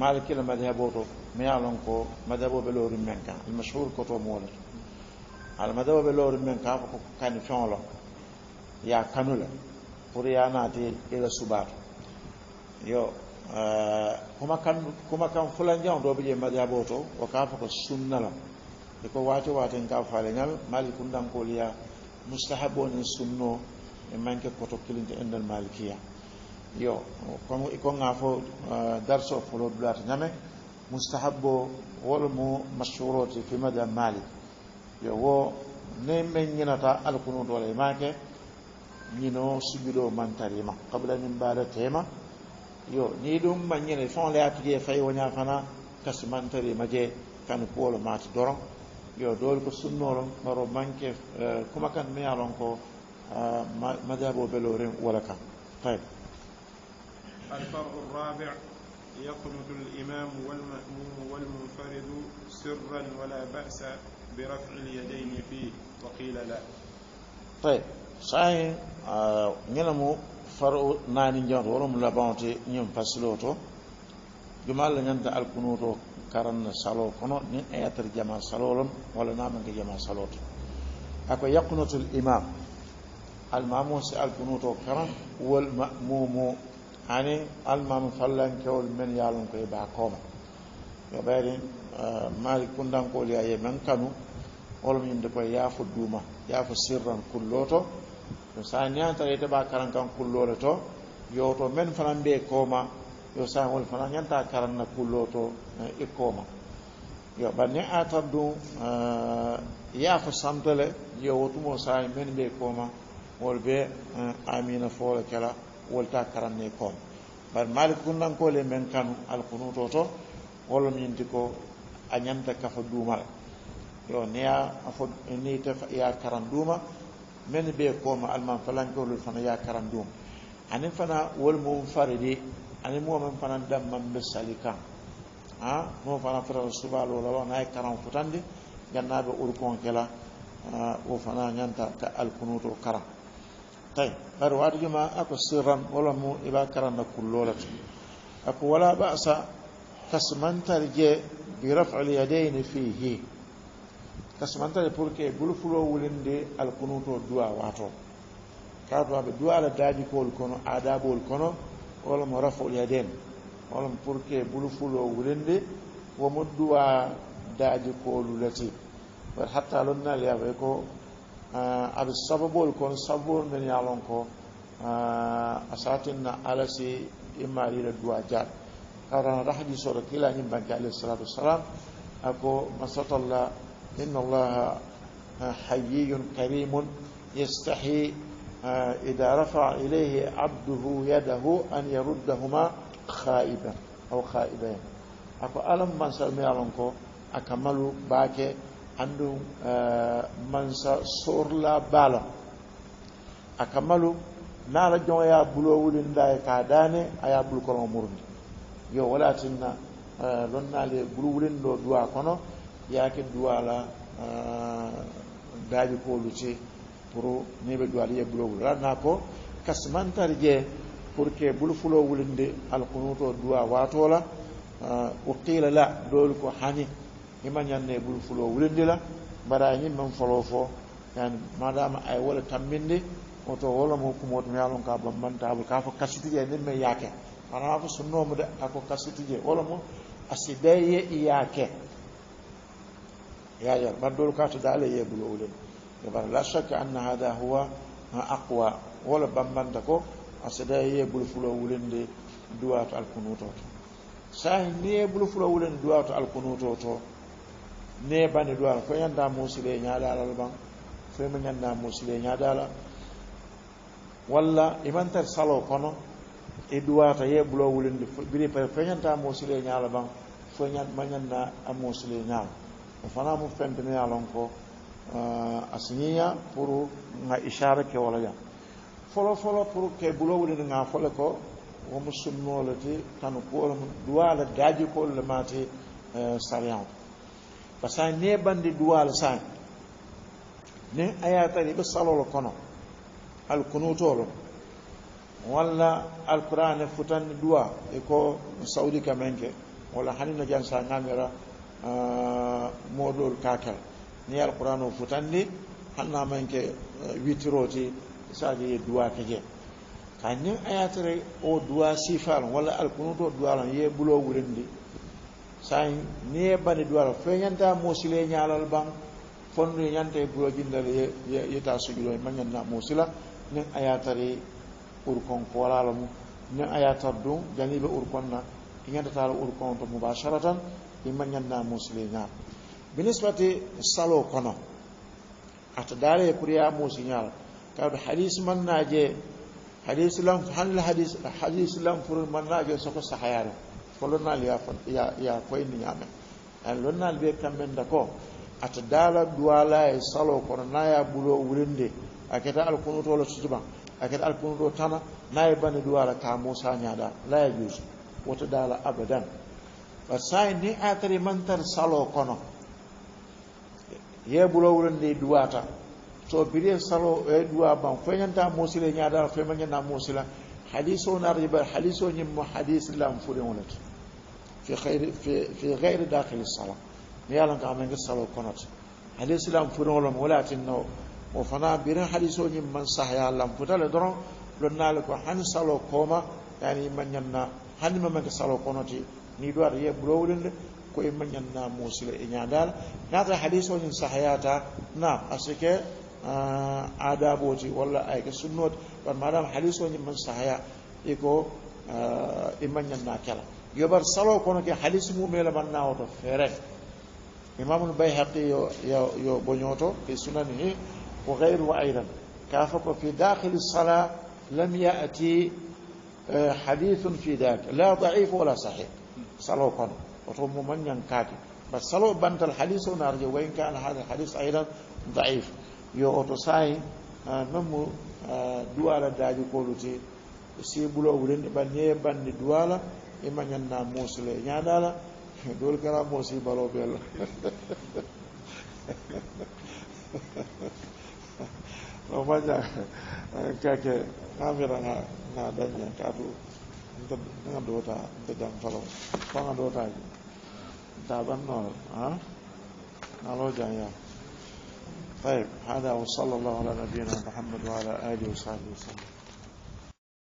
مع كلا مذهبوتو ما يعلن كو مذهبو بلور من كان المشهور كتو مولد على مذهبو بلور من كان كان فعلا يا كانولا بريا ناتي إلى سبار يو kuma kan kuma kan fulan jaw do biye madhabo to o ka fa ko sunna la e ko wato wato en ka fa le ngal malikun dan ko liya mustahabun sunno e manke ko to kilinte endal malikiya yo comme ikonga e fo euh, darso folo dulata ñame mustahabbo wolmo masurote fimada mali yo wo ne men ñinata alkunuɗole e make ñino subiɗo mantarima qabla min mbaɗa tema yo ni ɗum mañine fon le appliqué e fay woña fana kasi mantarima je kan kuwolo mata doron yo dole ko sunnoro maro manque uh, kuma kan miyalon ko uh, madabo beloren wala kan tayb الفرع الرابع يقنت الإمام والمأموم والمنفرد سرا ولا بأس برفع اليدين فيه وقيل لا طيب صحيح آه، نلمو فرع ناني جانت ولم لبانتي نيم فسلوتو جمال نانت الكنوتو كارن سالو كنو نين اياتر جمال سالولم ولا نامن جمع سالوتو أكو يقنط الإمام المأموم سأل كنوتو كرن والمأموم hani almam sallankewol men yaalon koye ba kooma yo ɓeyden kundan kundankol ya ye men kanu holmo yimde koye yaafo duuma yaafo sirran kulloto ɗum sa ñantara ba karan kan kullole to yowto men fanan mbiye kooma yo sa woni fana karan na kulloto e kooma yo ɓanni atar dum yaafo samtole yo wotumo sa men be kooma wol be amina foole kela wolta karanne kono bari malik gunnankole men kanu alkunuto to wolo ñinti ko a ñanta ka fo duumal yo niya afo ni te ya karan duuma men be koma alman falankolol fana ya karan duuma anin fana wol mum faridi ani mumen fana damman be sali kan a mo fana fotata subalo lawa naye karan futandi gannaɓe urkon kela wo fana ñanta ka alkunuto karan tay bari waɗugema ako sirran wala mu iba karanna kullolata ako wala ba'sa kasmantar je bi raf'al yadayni fihi kasmantar pour que gulfulo wulinde alkunuto duwa wato ka duwa be duwa la daji kol kono adabol kono wala mu raf'al yadayn wala pour que gulfulo wulinde wa mu duwa daji kolulati hatta lonnal yabe ko aɗa sababol kon sabbol men yalon ko a satinna ala si immalila duwa jaat karanata hadisoɗo kilañim banke alayhi salatu wassalam ako masatalla inna allaha hayyiyun karimun yastahi إذا رفع إليه عبده يده أن يردهما خائبا أو خائبين أكو ألم من سلمي ألنكو أكملوا باكي andum uh, e, mansa sorla bala akamalu nala jonya bulowul ndaye ka dane aya bul ko murni yo wala tinna uh, lonnale bulowul ndo duwa kono yake duwala uh, daji ko luce pour nebe duwala ye bulowul ranna ko kasmantar je pour que bul fulowul nde alqunuto duwa watola uh, uqila la e, dol ko hani ima ñanne bul fulo wulendi la bara ñi man folo fo yan madama ay wala tambinde oto wala mo ko mot ñalon ka ba man tabu ka fa kasiti je ne me yake ana fa sunno mu de ako kasiti je wala mo asideye yake ya ya man dol ka to dale ye ya, bul wulen e ya, bar la shak anna hada huwa ma aqwa wala bambanda ko asideye bul fulo wulendi duwa to alkunuto sa ni e bul fulo wulendi duwa to alkunuto to ne bani duwar ko yanda musile nya dalal ban sai mun yanda musile nya dalal walla iman tar salo kono e duwa ta ye bulo wulin di bire pa fe yanda musile nya dalal ban fo nya man yanda am musile nya ko fana mu fen de nya ko asniya puru na ishara ke wala ya folo folo puru ke bulo wulin nga folo ko wo musulmo lati tan ko dum duwa ko le mate eh, sariyan pasa ne bandi duwal san ne ayata de be salol kono al kunutolo al Quran futan duwa e ko saudi kamenke walla hanino jan sa ngamira ah, modol kakal ni alquran o futandi hanna manke eh, witiroti sadi duwa keje kanni ayatare o duwa sifal walla alkunuto duwa lan ye bulo wurindi sai ne bani duwar fenyanta musile nyalal bang fondu nyante buro jindal yeta sujudo manyan na musila lah. ne ayatari urkon kolalum lah ne ayatar dum janibe urkon na nyanta tal urkon to mubasharatan imanyan na musile nya binisbati salo kono ata dare kuriya musinyal kaw hadis man naje hadis lam hal hadis hadis lam furu man naje soko sahayaro ko lonnaalu ya ya koyni ñaame an lonnaalu ɓe kamɓenta ata daala duwala e salo kono naya ɓulo wulinde a keta alkunuto lo sutuma a keta alkunuto tana naye bane duwala ka musa ñaɗa laya juusu woto daala abadan bat sayi ni atari mantar salo kono ye bulo wulinde duwata so biri salo e duwa ban foyñanta musila ñaɗa foymañana musila حديثه نريبا حديثه نم حديث لا مفولونت في خير في في غير داخل الصلاة نيالا كامن الصلاة كونت حديث لا مفولون ولا تنو وفنا بين حديثه نم من صح يا الله مفوتال درون لنا لك حن صلاة كوما يعني من ينا حن من الصلاة كونت نيدوار do ar yebrowlen ko e manyanna musila e nyadal nata hadiso نعم sahayata adaboji aadaaboji walla ayga sunnod wan maɗama ni man sahaya iko imman nan kela yobar salo kono ke mu mele man nawoto feren imamul bayhaqi yo yo ɓoñoto fi sunani he wo gayru aydan ka fa ko fi dakhili sala lam yati hadithun fi dalik la daif wala sahih salo kono oto mo mañan kaake bat salo bantal halis o narje wayin kana hada hadis aydan daif yoto say nambu ah, ah, duwala daaju koluti si bulo wuren ba ne bande duwala e manyanna musule nyaadala dol kala musi balo bel no baja eh, ka ke amira na na danya ka du nga dota de dam falo ko nga dota ta ban no ha ah? alo janya طيب هذا وصلى الله على نبينا محمد وعلى آله وصحبه وسلم